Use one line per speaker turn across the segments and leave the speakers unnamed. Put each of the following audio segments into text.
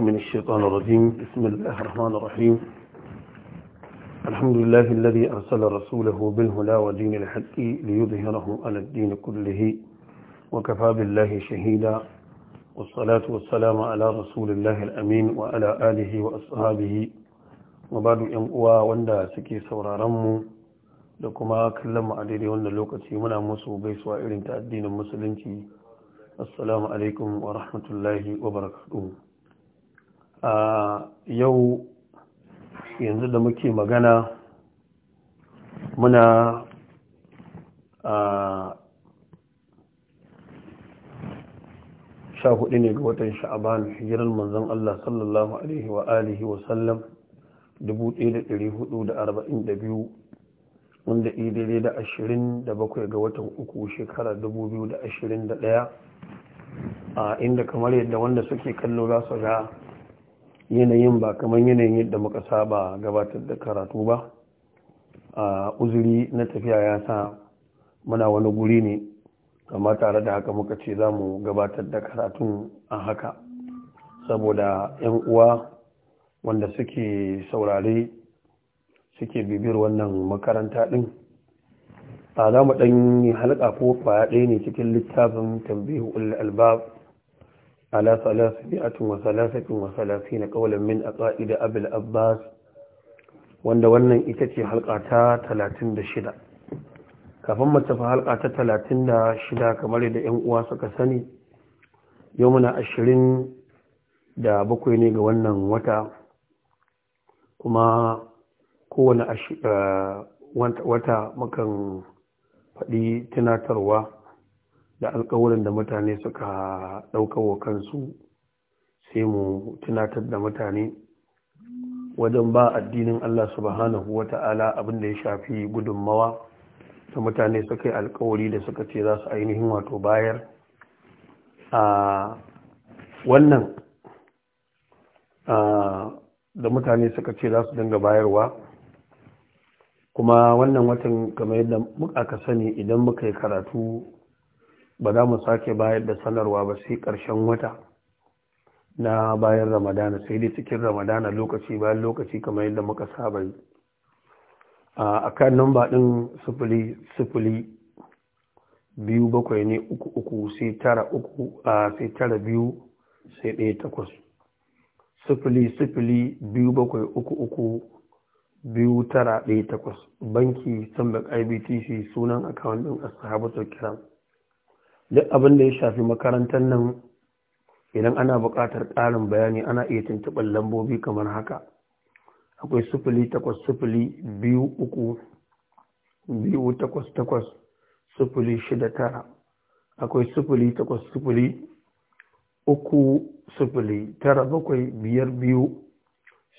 من الشيطان الرجيم بسم الله الرحمن الرحيم الحمد لله الذي أرسل رسوله بالهلا ودين الحق ليظهره على الدين كله وكفى بالله شهيدا والصلاة والسلام على رسول الله الأمين وعلى آله وأصحابه وبعد يمقوى واندا سكي سورا رمو لكما كلم عليه واندا لوكتي منا مسو بيسوا إرنت الدين المسلمتي السلام عليكم ورحمة الله وبركاته a yau yanzu da muke magana muna a sha hudu ne ga watan sha'aban hijiran manzan Allah sallallahu alaihi wa alihi wa sallam 1442 wanda idai da 27 ga watan uku shekara 2021 a inda kamar yadda wanda suke kallo za su ga yanayin ba kamar yanayin yadda muka saba gabatar da karatu ba a uzuri na tafiya ya sa muna wani guri ne kama tare da haka muka ce za mu gabatar da karatun a haka saboda 'yan uwa wanda suke saurare suke bibiyar wannan makaranta din a za mu ɗan halka ko faya ɗaya ne cikin littafin tambihu albab على ثلاثمائة وثلاثة وثلاثين قولا من Abbas, wanda wannan وأن وأن إتتي حلقة ثلاثين دشدة kafin mu tafi halka ta talatin da shida kamar da 'yan uwa suka sani yau muna ashirin da bakwai ne ga wannan wata kuma kowane wata mukan faɗi tunatarwa da alkawuran da mutane suka ɗaukawa kansu sai mu tunatar da mutane wajen ba addinin Allah subhanahu wa ta'ala abin da ya shafi gudunmawa da mutane suka yi alkawari da suka ce za su ainihin wato bayar a wannan da mutane suka ce za su dinga bayarwa kuma wannan watan kamar yadda muka sani idan muka yi karatu ba za mu sake bayar da sanarwa ba sai ƙarshen wata na bayan ramadana sai dai cikin ramadana lokaci bayan lokaci kamar yadda muka saba yi a kan numba ɗin sufuli sufuli biyu bakwai ne uku uku sai tara uku a sai tara biyu sai ɗaya takwas sufuli sufuli biyu bakwai uku uku biyu tara ɗaya takwas banki sambak ibtc sunan akawun ɗin sahabatar kiran duk abin da ya shafi makarantar nan idan ana buƙatar ƙarin bayani ana iya tuntuɓar lambobi kamar haka akwai sufuli takwas sufuli biyu uku biyu takwas takwas sufuli shida tara akwai sufuli takwas sufuli uku sufuli tara bakwai biyar biyu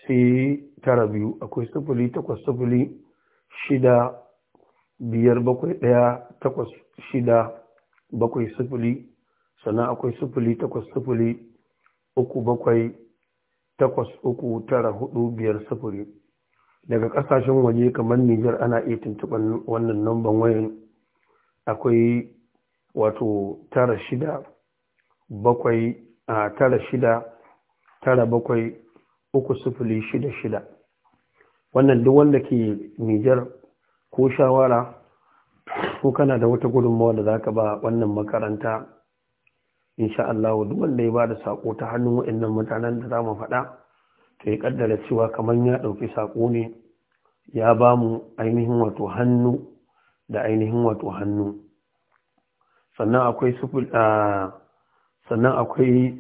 sai tara biyu akwai sufuli takwas sufuli shida biyar bakwai ɗaya takwas shida bakwai sufuli sannan akwai sufuli takwas sufuli uku bakwai takwas uku tara hudu biyar sufuri daga kasashen waje kamar nijar ana iya tuntuɓar wannan namban wayan akwai wato tara shida bakwai a tara shida tara bakwai uku sufuli shida shida wannan duk wanda ke nijar ko shawara ko kana da wata gudunmawa da zaka ba wannan makaranta insha Allah duk wanda ya da sako ta hannun waɗannan mutanen da zamu faɗa to ya kaddara cewa kamar ya ɗauki sako ne ya ba mu ainihin wato hannu da ainihin wato hannu sannan akwai sannan akwai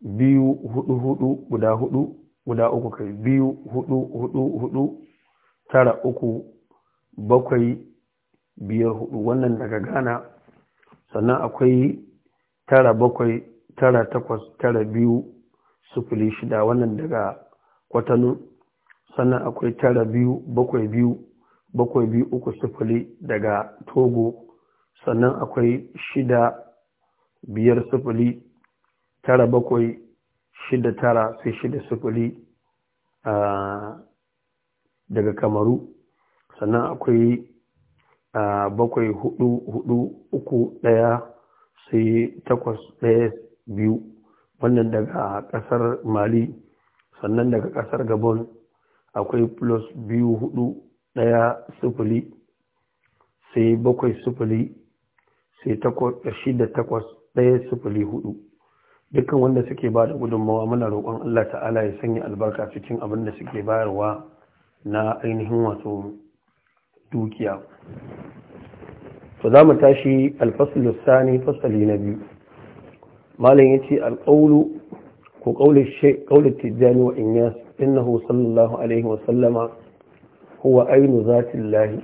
biyu hudu hudu guda hudu guda uku kai biyu hudu hudu hudu tara uku bakwai biyar hudu wannan daga ghana sannan akwai tara bakwai tara takwas tara biyu sufuli shida wannan daga kwatano sannan akwai tara biyu bakwai biyu bakwai biyu uku sufuli daga togo sannan akwai shida biyar sufuli tara bakwai shida tara sai shida sufuli ah, daga kamaru sannan akwai bakwai hudu hudu uku daya sai takwas daya biyu wannan daga kasar mali sannan daga kasar gabon akwai plus biyu hudu daya sufuli sai bakwai sufuli sai eh, shida takwas daya sufuli hudu dukkan wanda suke ba da gudunmawa muna roƙon allah ta'ala ya sanya albarka cikin abin da suke bayarwa na ainihin wato dukiya to za mu tashi alfasulus sani fasali na biyu malam ya ce alƙaulu ko ƙaunar tijjani wa inyas innahu sallallahu alaihi wasallama huwa ainu zatin lahi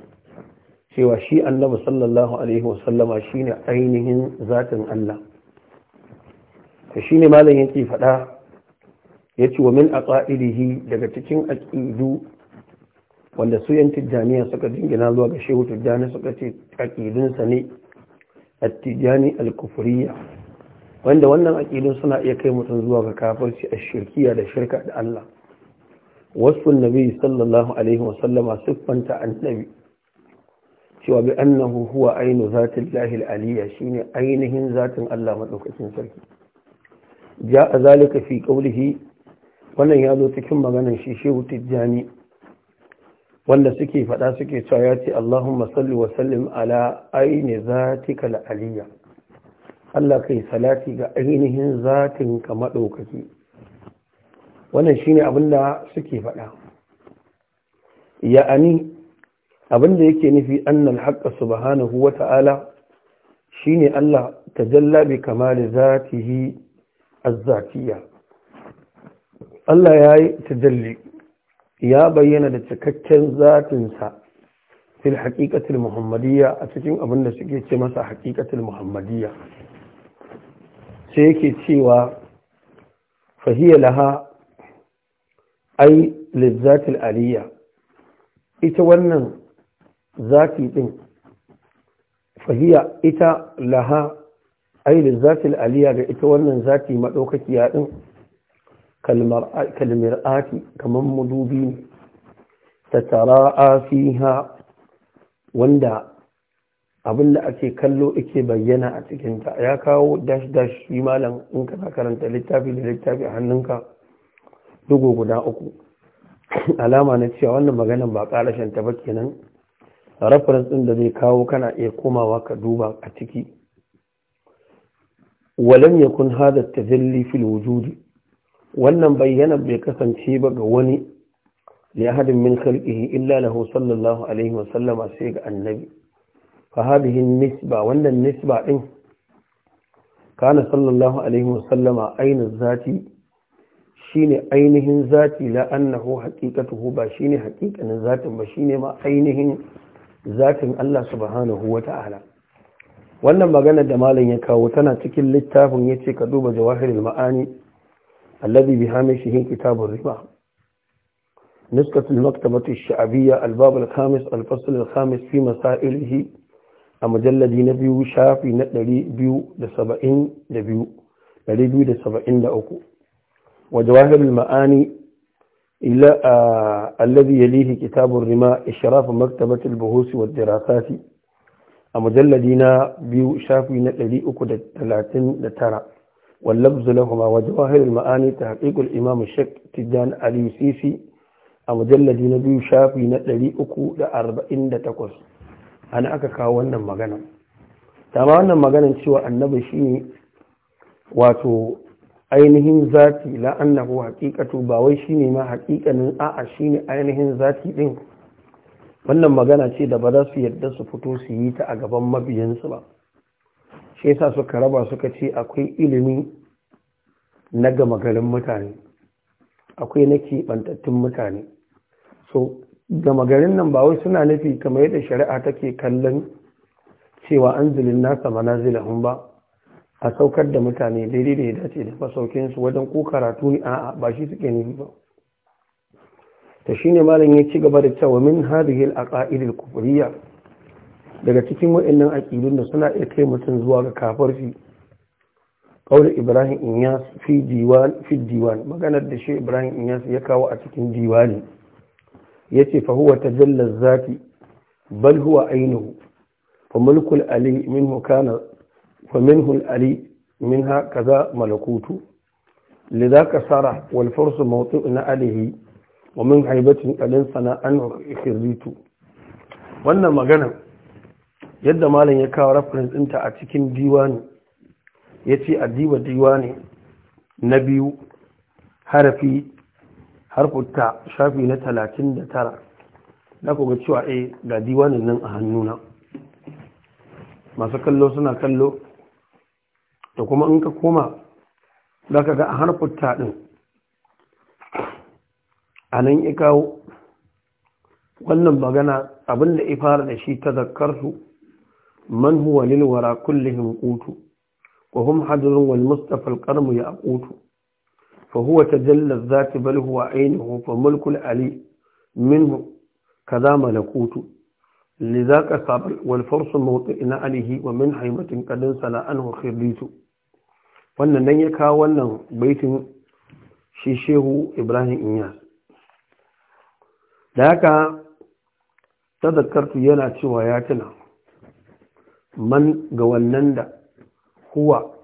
cewa shi annaba sallallahu alaihi wasallama shi ne ainihin zatin Allah ta shi ne malam ce faɗa ya ce wa min a daga cikin aƙidu wanda su yan tijjaniya suka jingina zuwa ga shehu tijjani suka ce aƙidunsa ne a tijjani alkufuriya wanda wannan aƙidun suna iya kai mutum zuwa ga kafirci a shirkiya da shirka da Allah wasu nabi sallallahu alaihi wasallama siffanta annabi cewa bi annahu huwa ainu zatin lahil aliyya shine ainihin zatin Allah madaukakin sarki ja a zalika fi qawlihi wannan ya zo cikin maganar shi shehu tijjani wanda suke faɗa suke cewa ya ce Allahumma salli wa sallim ala aini zatika aliyya Allah kai salati ga ainihin zatin ka madaukaki wannan shine abinda suke faɗa ya'ani abinda yake nufi annal haqqa subhanahu wa ta'ala shine Allah tajalla bi kamali zatihi az-zatiyya Allah ya yi tajalli ya bayyana da cikakken zatinsa fil haƙiƙatul muhammadiyya a cikin abin da suke ce masa haƙiƙatul muhammadiyya sai yake cewa fahiyya laha ai lizzatul aliyya ita wannan zati din fahiyya ita laha ai lizzatul aliyya ga ita wannan zati madaukakiya din kalmir'ati kamar madubi ne ta tara'a fiha wanda abin da ake kallo ake bayyana a cikinta ya kawo dash-dash yi malam in ka karanta littafi da littafi a hannunka dugu guda uku alama na cewa wannan maganan ba karashen ta ba kenan reference din da zai kawo kana iya komawa ka duba a ciki walam hada ta tazalli fil wujudi wannan bayyana bai kasance ba ga wani lihadin min illa lahu sallallahu sai ga annabi fa hadhihi nisba wannan nisba din kana sallallahu alaihi wa zati shine ainihin zati la annahu haqiqatuhu ba shine haqiqanin zatin ba shine ma ainihin zatin Allah subhanahu wa ta'ala wannan maganar da malam ya kawo tana cikin littafin yace ka duba jawahirul ma'ani الذي بهامشه كتاب الربا نسخة المكتبة الشعبية الباب الخامس الفصل الخامس في مسائله دي نبيو شافي نتلي بيو لسبعين لبيو لدي بيو لسبعين لأكو وجواهر المعاني إلى آه الذي يليه كتاب الرماء إشراف مكتبة البحوث والدراسات دينا بيو شافي نتلي أكو لتلاتين لترى واللبز لهما وجواهر ta تحقيق Imam الشيخ Tijjani علي Sisi, a mujalladi na biyu shafi na ɗari uku da da arba'in takwas ana aka kawo wannan magana dama wannan maganan cewa annabi shi wato ainihin zati la ko haqiqatu ba wai shi ma haƙiƙanin a'a shine ainihin zati ɗin wannan magana ce da ba za su yarda su fito su yi ta a gaban mabiyansu ba shi yasa suka raba suka ce akwai ilimi na gama garin mutane akwai na keɓantattun mutane so gama garin nan ba wai suna nufi kamar yadda shari'a take kallon cewa an zilin nasa hun ba a saukar da mutane daidai da ya dace da masaukinsu wajen ko karatu ne a'a ba shi suke nufi ba ta shi ne malam ya ci gaba da cewa min hadhihi a ƙa'idil kufuriya daga cikin a aƙidun da suna iya kai mutum zuwa ga kafarfi. قول إبراهيم إنياس في ديوان في الديوان ما كانت الدشي إبراهيم إنياس يكاو أتكين ديواني يتي فهو تجلى الذات بل هو عينه فملك الألي منه كان فمنه الألي منها كذا ملكوته لذاك صرح والفرس موطئنا عليه ومن ألين الإنسان أنه إخريت وأن مغنى يد مالا يكاو رفرنس أنت أتكين ديواني ya ce addiba diwa ne na biyu harafi harfuta shafi na talatin da tara na kuga cewa eh ga diwanin nan a hannuna masu kallo suna kallo da kuma in ka koma za ka ga a harfuta ɗin a nan ya kawo wannan magana abinda ya fara da shi ta zakkarsu man huwa lilwara kullum kutu وهم حجر والمصطفى القرم يأقوت فهو تجلى الذات بل هو عينه فملك العلي منه كذا ملكوت لذاك صبر والفرس موطئنا عليه ومن حيمة قد انسلا عنه خريت wannan nan ya kawo wannan baitin shi shehu ibrahim inyas da haka tazakkartu yana cewa ya tuna man ga wannan da huwa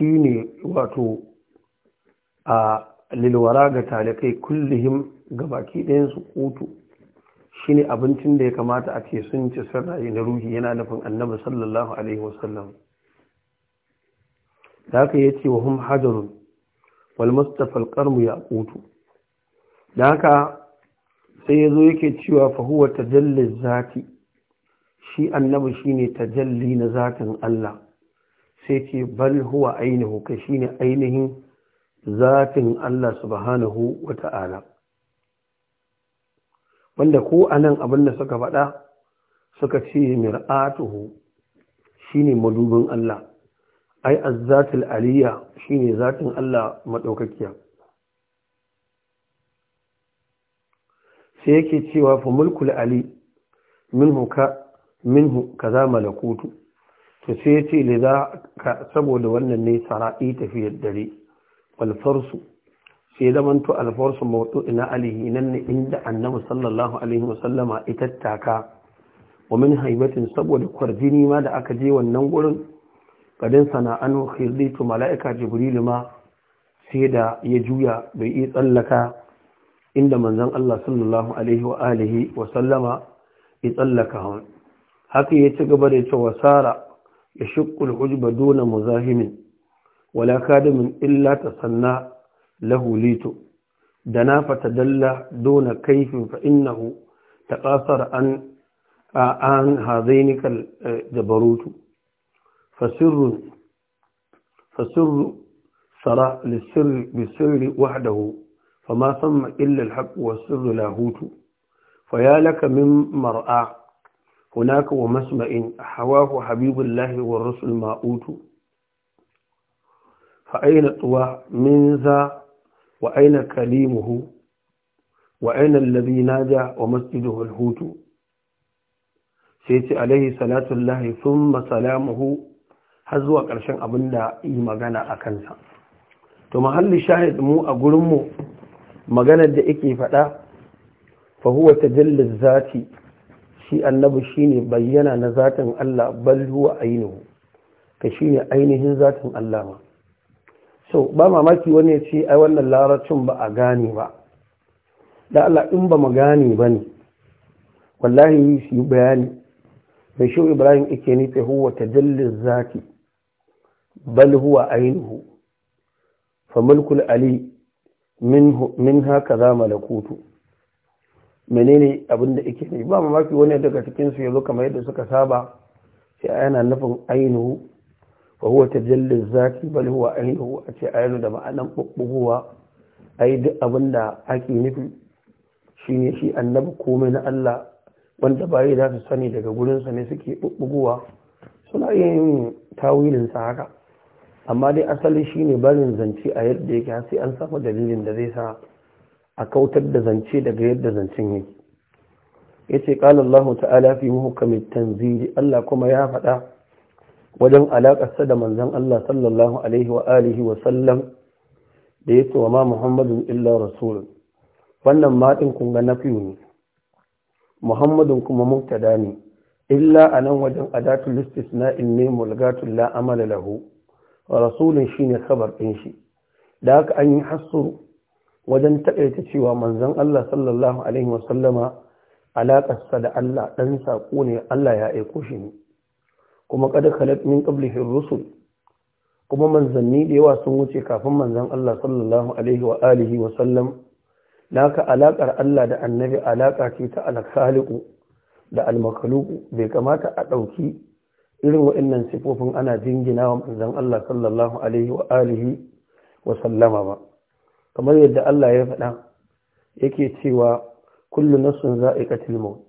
ne, wato a lilwara ga talikai kullum ga baki ɗayansu kutu ne abincin da ya kamata a ce sun ci sarari na ruhi yana nufin annabi sallallahu alaihi wasallam da aka yi ce wa hum hajarun wal mustafa ya kutu da aka, sai ya zo yake cewa fahuwa tajallin zati shi annabi ne tajalli na zatin Allah sai ce bal huwa ainihu kai shine ainihin zafin Allah subhanahu wata'ala wanda ko a nan abin da suka faɗa suka ce mir'atuhu shine madubin Allah ai azzatul aliyya shine zatin Allah madaukakiya sai yake cewa fa mulkul ali minhu ka minhu kaza malakutu to sai ya ce ne za ka saboda wannan ne sara'i tafiyar dare alfarsu sai zamanto alfarsu mawadu ina alihi nan ne inda annabi sallallahu alaihi wasallama ita taka wa min haibatin saboda kwarjini ma da aka je wannan gurin kadin sana'anu khirditu mala'ika jibrilu ma sai da ya juya bai yi tsallaka inda manzon Allah sallallahu alaihi wa alihi wa ya tsallaka haka ya ci gaba da cewa sara يشق العجب دون مزاهم ولا كادم إلا تصنع له ليت دنا فتدلى دون كيف فإنه تقاصر عن عن هذين الجبروت فسر فسر سرى للسر بالسر وحده فما ثم إلا الحق والسر لاهوت فيا لك من مرأة هناك ومسمع حواه حبيب الله والرسل ما أوتوا فأين طوى من ذا وأين كليمه وأين الذي ناجى ومسجده الهوت سيتي عليه صلاة الله ثم سلامه هزوى قرشان أبن دا إيمغانا أكنسا ثم هل شاهد مو أقول مو مغانا دا إكي فتا فهو تجل الذاتي shi annabi shine bayyana na zaton Allah balhuwa ainihu ka shine ainihin zaton Allah ma so ba mamaki wani ya ce ai wannan larabcin ba a gane ba da Allah in ba mu gane ba ne wallahi su yi bayani mai shi ibrahim ike nufi huwa ta jallin zaki bal ainihu fa mulkul ali min haka za malakutu menene abin da yake ne ba mamaki wani daga cikin su yazo kamar yadda suka saba sai yana nufin ainihu wa huwa tajalli zati bal huwa ainihu a ce ainihu da ma'anan bubbugowa ai duk abin da ake nufi shine shi annabi komai na Allah wanda bayi za su sani daga gurinsa ne suke bubbugowa suna yin tawilin sa haka amma dai asali shine barin zance a yadda yake sai an samu dalilin da zai sa a kautar da zance daga yadda zancen yake ya ce ƙalallahu ta'ala fi muhukamin tanziri Allah kuma ya faɗa wajen alaƙarsa da manzan Allah sallallahu alaihi wa alihi wa sallam da ya ce wa ma muhammadun illa rasul wannan maɗin kun ga nafiyu ne muhammadun kuma muktada ne illa a nan wajen adatul istisna'in ne mulgatul la amala lahu rasulun shine khabar ɗin shi da haka an yi hassuru wajen takaita cewa manzon Allah sallallahu alaihi wasallama alaƙarsa da Allah ɗan saƙo ne Allah ya aiko shi ne kuma kada khalat min qablihi rusul kuma manzanni da yawa sun wuce kafin manzon Allah sallallahu alaihi wa alihi alaƙar Allah da annabi alaƙa ce ta alkhaliqu da almakhluqu bai kamata a ɗauki irin waɗannan sifofin ana jingina wa manzon Allah sallallahu alaihi wa alihi wa sallama ba kamar yadda Allah ya faɗa yake cewa kullu nafsin za'iqatul maut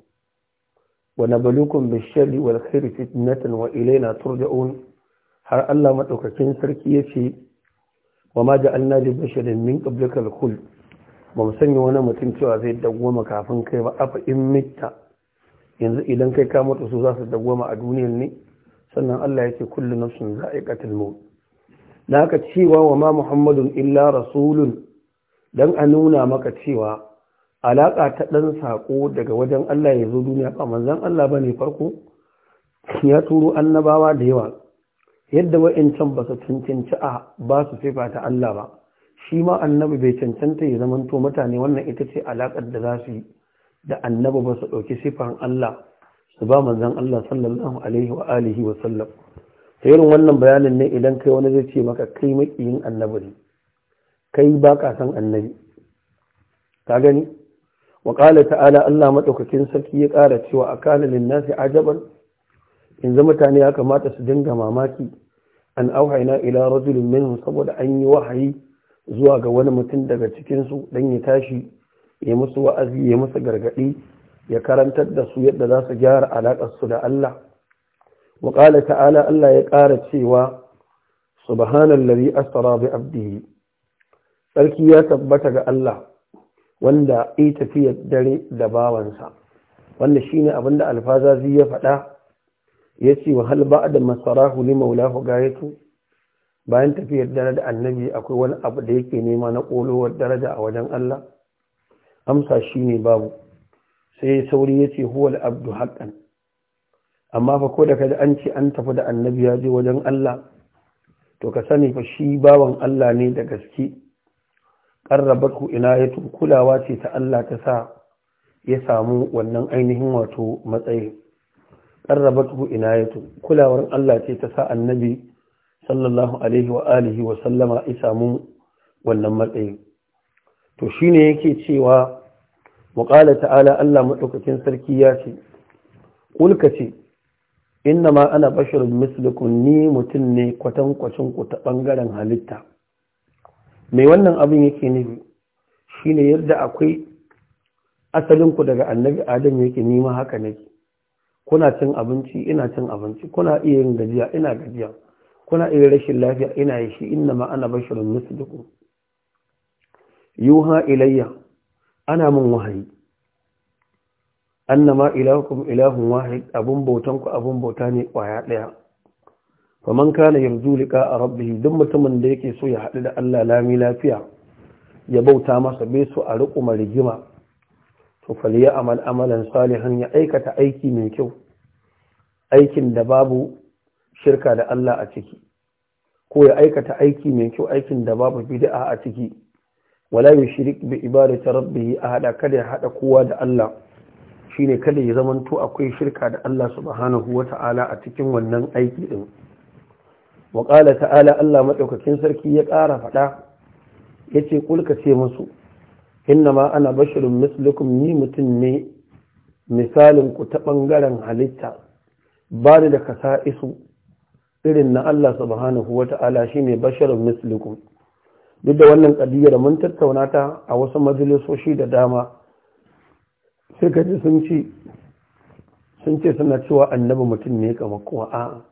wa nabluukum bish-sharri wal khairi fitnatan wa ilayna turja'un har Allah madaukakin sarki yace wa ma ja'alna li basharin min qablika al-khuld ba mu sanya wani mutum cewa zai dagwama kafin kai ba afa in mitta yanzu idan kai ka mutu su za su a duniyar ne sannan Allah yake kullu nafsin za'iqatul maut Na ka cewa wa ma muhammadun illa rasulun don a nuna maka cewa alaƙa ta ɗan saƙo daga wajen Allah ya zo duniya ba manzan Allah ba ne farko ya turo annabawa da yawa yadda wa'incan ba su cancanci a ba su sifa ta Allah ba shi ma annabi bai cancanta ya zamanto mutane wannan ita ce alaƙar da za su yi da annabi ba su ɗauki sifan Allah su ba manzan Allah sallallahu alaihi wa alihi wa sallam ta wannan bayanin ne idan kai wani zai ce maka kai maƙiyin annabari. kai ba ka san annabi ka gani wa ƙala ta'ala Allah maɗaukakin sarki ya ƙara cewa a kanin linnasi ajaban in zama mutane ya kamata su dinga mamaki an auhaina ila rajulin minhum saboda an yi wahayi zuwa ga wani mutum daga cikinsu don ya tashi ya musu wa'azi ya musu gargaɗi ya karantar da su yadda za su gyara su da Allah wa ƙala ta'ala Allah ya ƙara cewa subhanan lari bi abdihi sarki ya tabbata ga Allah wanda yi tafiyar dare da bawansa wanda shine abinda alfazazi ya faɗa ya ce wa halba da masarahu ne maulahu gayatu bayan tafiyar dare da annabi akwai wani abu da yake nema na ƙolowar daraja a wajen Allah amsa shine babu sai sauri ya ce huwal abdu haƙan amma fa ko da kada an ce an tafi da annabi ya je wajen Allah to ka sani fa shi bawan Allah ne da gaske ƙarrabarku inayatu kulawa ce ta Allah ta sa ya samu wannan ainihin wato matsayi ƙarrabarku inayatu kulawar Allah ce ta sa annabi sallallahu alaihi wa alihi wa sallama ya samu wannan matsayin. to shi ne yake cewa muƙala ta'ala Allah maɗaukakin sarki ya ce ƙulka ce inna ma ana bashirin mislukun ni mutum ne kwatankwacin ku ta ɓangaren halitta mai wannan abin yake nufi shine yadda akwai asalinku daga annabi adam yake nima haka nake kuna cin abinci ina cin abinci kuna iya yin gajiya ina gajiya kuna iya rashin lafiya ina yi shi inna ma ana basharun Yi yuha ilayya ana min wahayi annama ilahukum ilahun wahid Abin bautanku abin bauta ne kwaya daya faman kana yarju a rabbihi duk mutumin da yake so ya haɗu da Allah lami lafiya ya bauta masa bai so a riƙo rigima to faliya amal amalan salihan ya aikata aiki mai kyau aikin da babu shirka da Allah a ciki ko ya aikata aiki mai kyau aikin da babu bid'a a ciki wala yushrik bi ibadati rabbihi ahada kada ya hada kowa da Allah shine kada ya zamanto akwai shirka da Allah subhanahu wata'ala a cikin wannan aiki din wa ƙala ta'ala Allah maɗaukakin sarki ya ƙara faɗa ya ce ƙulka ce musu inna ma ana bashirin mislukum ni mutum ne misalin ku ta ɓangaren halitta ba da kasa isu irin na Allah subhanahu wa ta'ala shi ne bashirin mislukum duk da wannan ƙadiyar mun tattauna ta a wasu majalisoshi da dama sai ka ji sun ce sun ce suna cewa annabi mutum ne kamar kuma a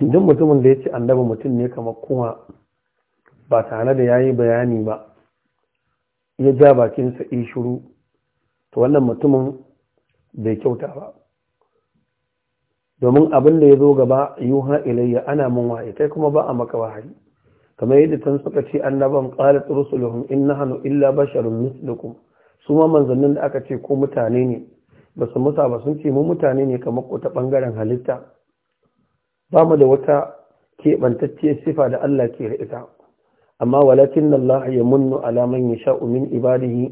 duk mutumin da ya ce daba mutum ne kamar kuma ba tare da ya yi bayani ba ya ja bakinsa yi shuru to wannan mutumin bai kyauta ba domin abin da ya zo gaba ha ilayya ana mun waye kai kuma ba a maka wahayi kamar yadda tun suka ce annaban qalat rusuluhum innahanu illa basharun mislukum su ma manzannin da aka ce ko mutane ne ba su musa ba sun ce mu mutane ne kamar ko ta bangaren halitta ba mu da wata keɓantacciyar sifa da Allah ke da ita amma walakin Allah ya munnu alaman ya sha'u min ibadihi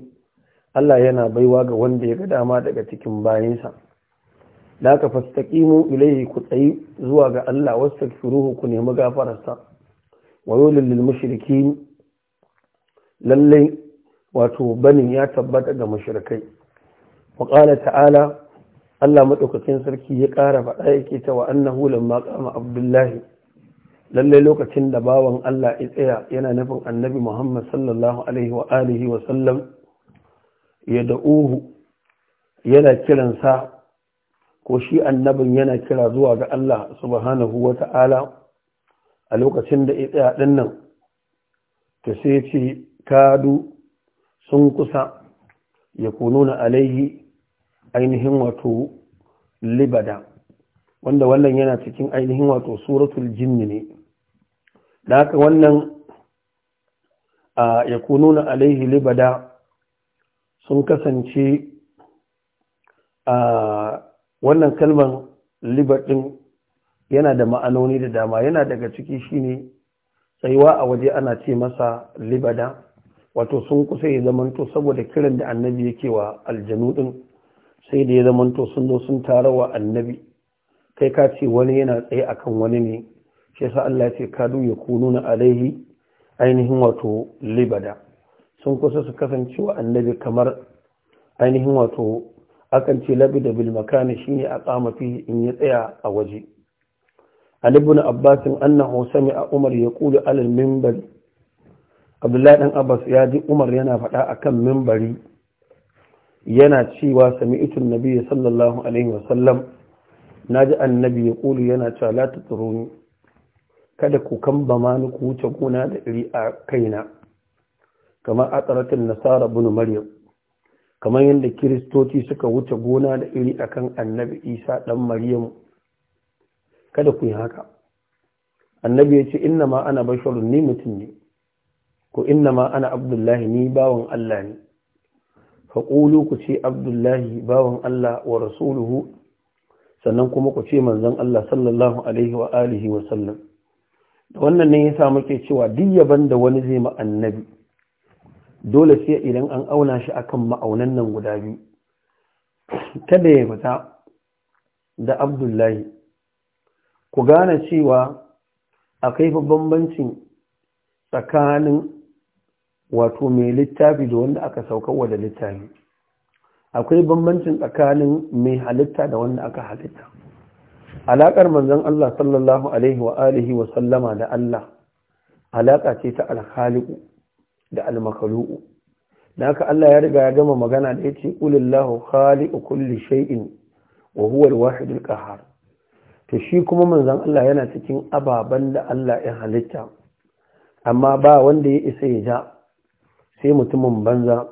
Allah yana baiwa ga wanda ya ga dama daga cikin bayansa da ka fastaqimu ilayhi ku tsayi zuwa ga Allah wasu wastaghfiruhu ku nemi gafararsa wa lallai lil mushrikin wato banin ya tabbata ga mushrikai wa qala ta'ala Allah maɗaukacin sarki ya ƙara faɗa yake ta wa annahu lamma qama abdullahi lallai lokacin da bawan Allah ya tsaya yana nufin annabi Muhammad sallallahu alaihi wa alihi wa sallam ya da'uhu yana kiransa ko shi annabin yana kira zuwa ga Allah subhanahu wa ta'ala a lokacin da ya tsaya ɗin nan ta sai ce kadu sun kusa ya kununa alaihi ainihin wato libada wanda wannan yana cikin ainihin wato suratul jinni ne da haka wannan a ya kununa alaihi libada sun kasance a wannan kalmar libadin yana da ma'anoni da dama yana daga ciki shine tsayuwa a waje ana ce masa libada wato sun kusa ya zamanto saboda kiran da annabi yake wa aljanu din sai da ya zamanto sun zo sun wa annabi kai ka ce wani yana tsaye akan wani ne shi yasa Allah ya ce kadu ya kununa alaihi ainihin wato libada sun kusa su kasance wa annabi kamar ainihin wato akan ce labida bil makani shine a kama fi in ya tsaya a waje Ali ibn Abbas annahu a Umar ya kulu alal Mimbar. Abdullahi dan Abbas ya ji Umar yana faɗa akan mimbari. yana cewa sami sami'tun nabiyyi sallallahu alaihi wasallam naji annabi ya kulu yana cewa la tatruni kada ku kamba ni ku wuce gona da iri a kaina kamar atsaratin nasara bunu maryam kamar yadda kiristoci suka wuce gona da iri akan annabi isa ɗan maryam kada ku yi haka annabi ya ce inna ma ana basharun ni mutum ne ko inna ma ana abdullahi ni bawan allah ne faƙulu ku ce abdullahi bawan Allah wa rasuluhu sannan kuma ku ce manzon Allah sallallahu alaihi wa da wannan ne yasa muke cewa duk yaban da wani zai ma annabi dole sai idan an auna shi akan ma'aunan nan guda biyu kada ya fita da abdullahi ku gane cewa akwai bambanci tsakanin wato mai littafi da wanda aka wa da littafi akwai bambancin tsakanin mai halitta da wanda aka halitta alaƙar manzon Allah sallallahu alaihi wa alihi wa sallama da Allah alaƙa ce ta alkhaliqu da almakalu'u da haka Allah ya riga ya gama magana da yace qulillahu khaliqu kulli shay'in wa huwa alwahid alqahhar to shi kuma manzon Allah yana cikin ababan da Allah ya halitta amma ba wanda ya isa ya ja sai mutumin banza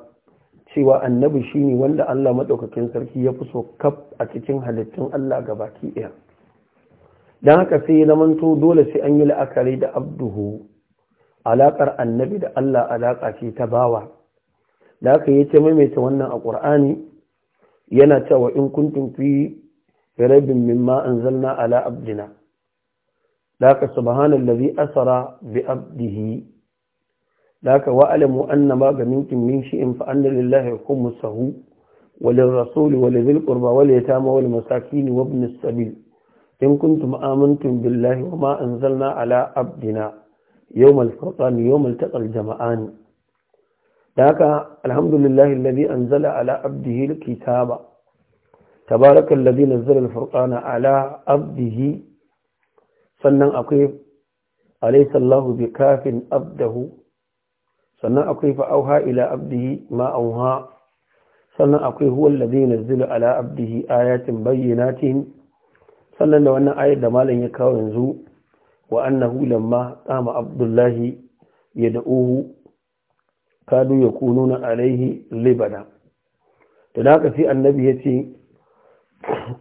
cewa annabi shi ne wanda Allah maɗaukakin sarki ya fi so kaf a cikin halittun Allah ga baki ɗaya Don haka sai ya zamanto dole sai an yi la'akari da abduhu alaƙar annabi da Allah alaƙa ce ta bawa da haka ce maimaita wannan a Ƙur'ani yana cewa in kuntum fi rabbin mimma anzalna ala abdina da haka subhanallazi asara bi abdihi laka wa’alamu an na maganin kimmin shi in fa’an da lillahi kuma sahu rasuli wale zilkur ba wale ya tama wale masaki ne wa bin sabil in kun tuma amintun billahi wa ma’an zalna ala abdina yau malfatsan yau maltaƙar jama’a ne da haka alhamdulillahi lalabi an zala ala abdihi ki ta ba tabarakan lalabi na ala abdihi sannan akwai alaisallahu bi kafin abdahu sannan akwai fa'auha ila abdihi ma'auha sannan akwai huwan da zai ala abdihi ayatin bayyanatin sannan da wannan ayar da malam ya kawo yanzu wa annahu lamma qama abdullahi yad'uhu kadu ya yakununa alaihi libada to da haka sai annabi ce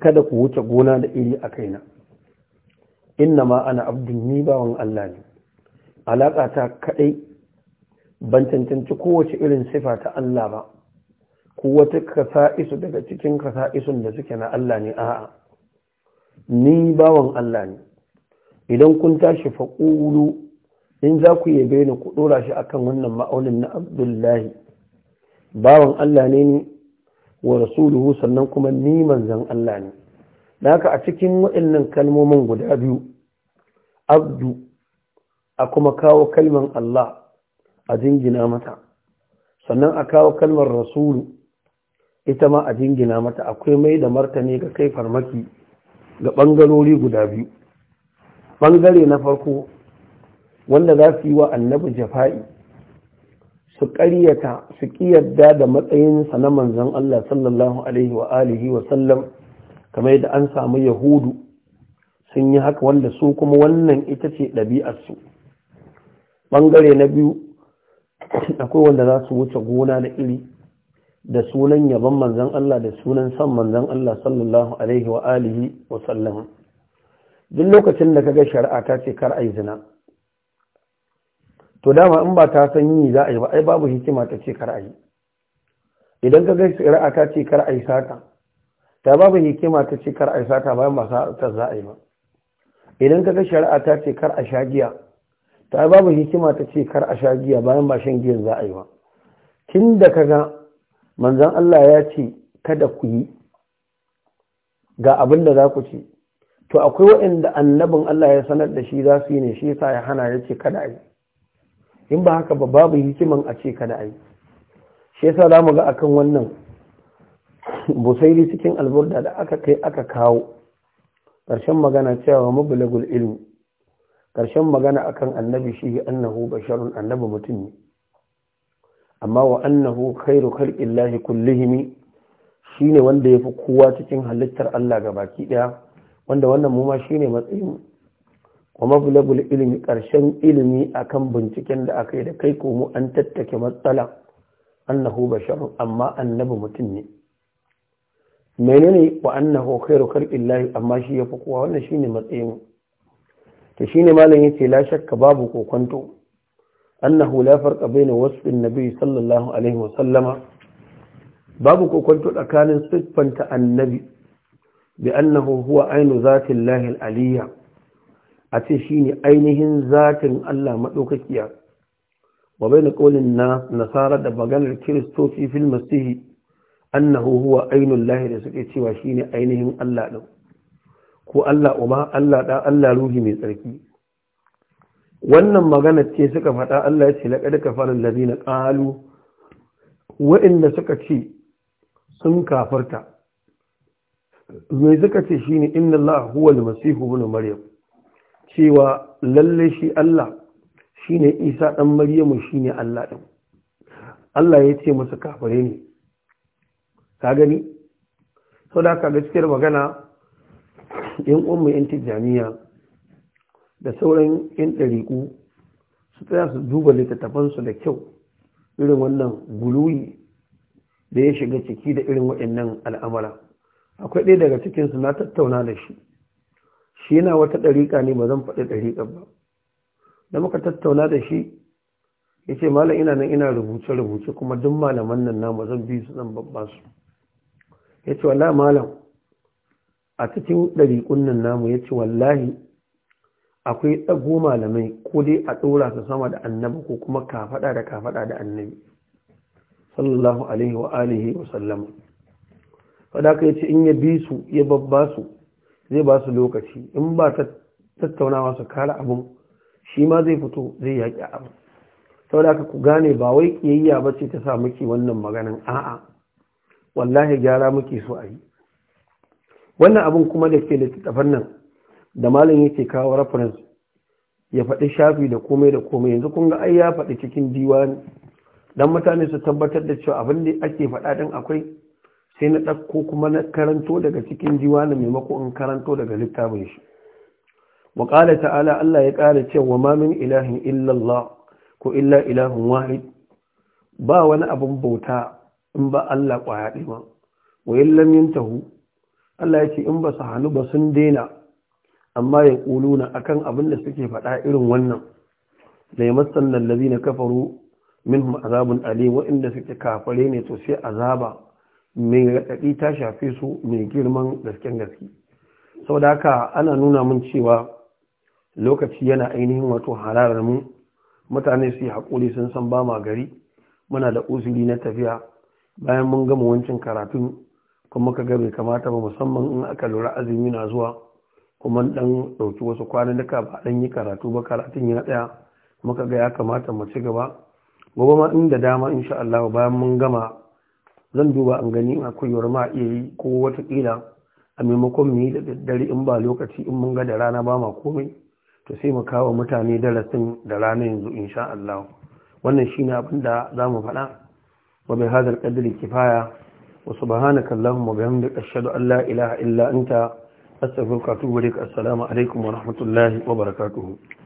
kada ku wuce gona da iri a kaina inna ma ana abdun ni bawan Allah ne alaka ta kadai ban cancanci kowace irin sifa ta Allah ba ko wata isu daga cikin isun da suke na Allah ne a'a ni bawan Allah ne idan kun tashi faƙulu in za ku yabe ni ku ɗora shi akan wannan ma'aunin na abdullahi bawan Allah ne ni wa rasuluhu sannan kuma ni manzan Allah ne Na haka a cikin waɗannan kalmomin guda biyu abdu a kuma kawo kalman Allah a jingina mata sannan a kawo kalmar rasulu ita ma a jingina mata akwai mai da martani ga kai farmaki ga ɓangarori guda biyu bangare na farko wanda za su yi wa annabi jafa'i su ƙaryata su ƙiyarda da matsayinsa na manzon Allah sallallahu alaihi wa alihi wa sallam kamar da an samu yahudu sun yi haka wanda su kuma wannan ita ce ɗabi'arsu ɓangare na biyu akwai wanda za su wuce gona da iri da sunan yaban manzan Allah da sunan san manzan Allah sallallahu alaihi wa’alihi wa sallam duk lokacin da kaga shari'a ta ce kar a yi zina to dama in ba ta san yi za a yi ba ai babu hikima ta ce kar a yi." idan kaga shari'a ta ce kar a yi sata ta babu hikima ta ce kar a yi sata bayan ba ta za a yi ba idan kaga shari'a ta ce kar a shagiya ta babu hikima ta ce kar a sha giya bayan ba shan giyan za a yi ba tun da ga manzan Allah ya ce kada ku yi ga abin da za ku ce to akwai waɗanda annabin Allah ya sanar da shi za su yi ne shi sa ya hana ya ce kada a yi in ba haka ba babu hikiman a ce kada a yi shi yasa za mu ga akan wannan busairi cikin alburda da aka kai aka kawo ƙarshen magana cewa mabulagul ilmi ƙarshen magana akan annabi shi annahu basharun annabi mutum ne amma wa annahu khairu khalqillahi kullihimi shine wanda yafi kowa cikin halittar Allah ga baki daya wanda wannan mu ma shine matsayin wa mablagul ilmi ƙarshen ilimi akan binciken da aka yi da kai komo an tattake matsala annahu basharun amma annabi mutum ne menene wa annahu khairu khalqillahi amma shi yafi kowa wannan shine matsayin to shine malam yace la shakka babu kokonto annahu la farqa baina wasfin nabi sallallahu alaihi sallama. babu kokonto tsakanin siffanta annabi bi annahu huwa ainu zati llahi aliyya a ce shine ainihin zatin Allah madaukakiya wa baina qawlin nasara da maganar kiristoci fil masihi annahu huwa ainu llahi da suke cewa shine ainihin Allah din ko Allah Uma Allah ɗa Allah ruhi mai tsarki wannan magana ce suka faɗa Allah ya ce laƙar da lalina ƙalu waɗanda suka ce sun kafarta mai suka ce shine ne inna Allah huwa masihu bin maryam cewa lalle shi Allah shi ne isa ɗan maryamu shi ne Allah ɗan. Allah ya ce masa kafare ne ka gani sau da aka gaskiyar magana yan mu yan tijjaniya da sauran yan ɗariƙu su tsaya su duba littattafansu da kyau irin wannan guluyi da ya shiga ciki da irin waɗannan al'amara akwai ɗaya daga cikinsu na tattauna da shi shi yana wata ɗariƙa ne ba zan faɗi ɗariƙa ba da muka tattauna da shi ya ce malam ina nan ina rubuce-rubuce kuma duk malaman nan ba zan bi su zan babba su ya ce wala malam a cikin ɗariƙun nan namu ya ce wallahi akwai ɗago malamai ko dai a ɗora su sama da annabi ko kuma kafaɗa da kafaɗa da annabi sallallahu alaihi wa alihi wa sallama sadaka ya ce in ya bi su ya babba su zai ba su lokaci in ba ta tattaunawa su kare abin shi ma zai fito zai yaƙi abin saboda ku gane ba wai ƙiyayya ba ce ta sa muke wannan maganan a'a wallahi gyara muke so a yi wannan abin kuma da ke littattafan nan da malam yake kawo reference ya faɗi shafi da komai da komai yanzu kun ga ai ya faɗi cikin diwani dan mutane su tabbatar da cewa abin da ake faɗa din akwai sai na ɗauko kuma na karanto daga cikin diwani maimako in karanto daga littafin shi wa ta'ala Allah ya ƙara cewa ma min ilahin illa ko illa ilahun wahid ba wani abin bauta in ba Allah ƙwaya ɗaya ba wa illam yantahu Allah ya ce in ba su hannu ba sun daina amma ya ƙuluna akan abin da suke faɗa irin wannan da ya matsan lallazi na kafaru min azabin ali waɗanda suke kafare ne to sai azaba mai raɗaɗi ta shafe su mai girman gasken gaske sau da haka ana nuna min cewa lokaci yana ainihin wato halarar mu mutane su yi haƙuri sun san ba ma gari muna da uzuri na tafiya bayan mun gama wancan karatun kuma ka bai kamata ba musamman in aka lura azumi na zuwa kuma dan dauki wasu kwanannuka ba dan yi karatu ba karatun ya tsaya muka ga ya kamata mu ci gaba gobe ma inda dama insha Allah bayan mun gama zan duba an gani in akwai yawar ma iya yi ko wata kila a maimakon mu yi da daddare in ba lokaci in mun ga da rana ba ma komai to sai mu kawo mutane darasin da rana yanzu insha Allah wannan shine abin da za faɗa wa bi hadal qadri kifaya wasu subhanaka allahumma bihamdika ashhadu an la ilaha illa anta astaghfiruka wa atubu assalamu alaikum wa rahmatullahi wa barakatuh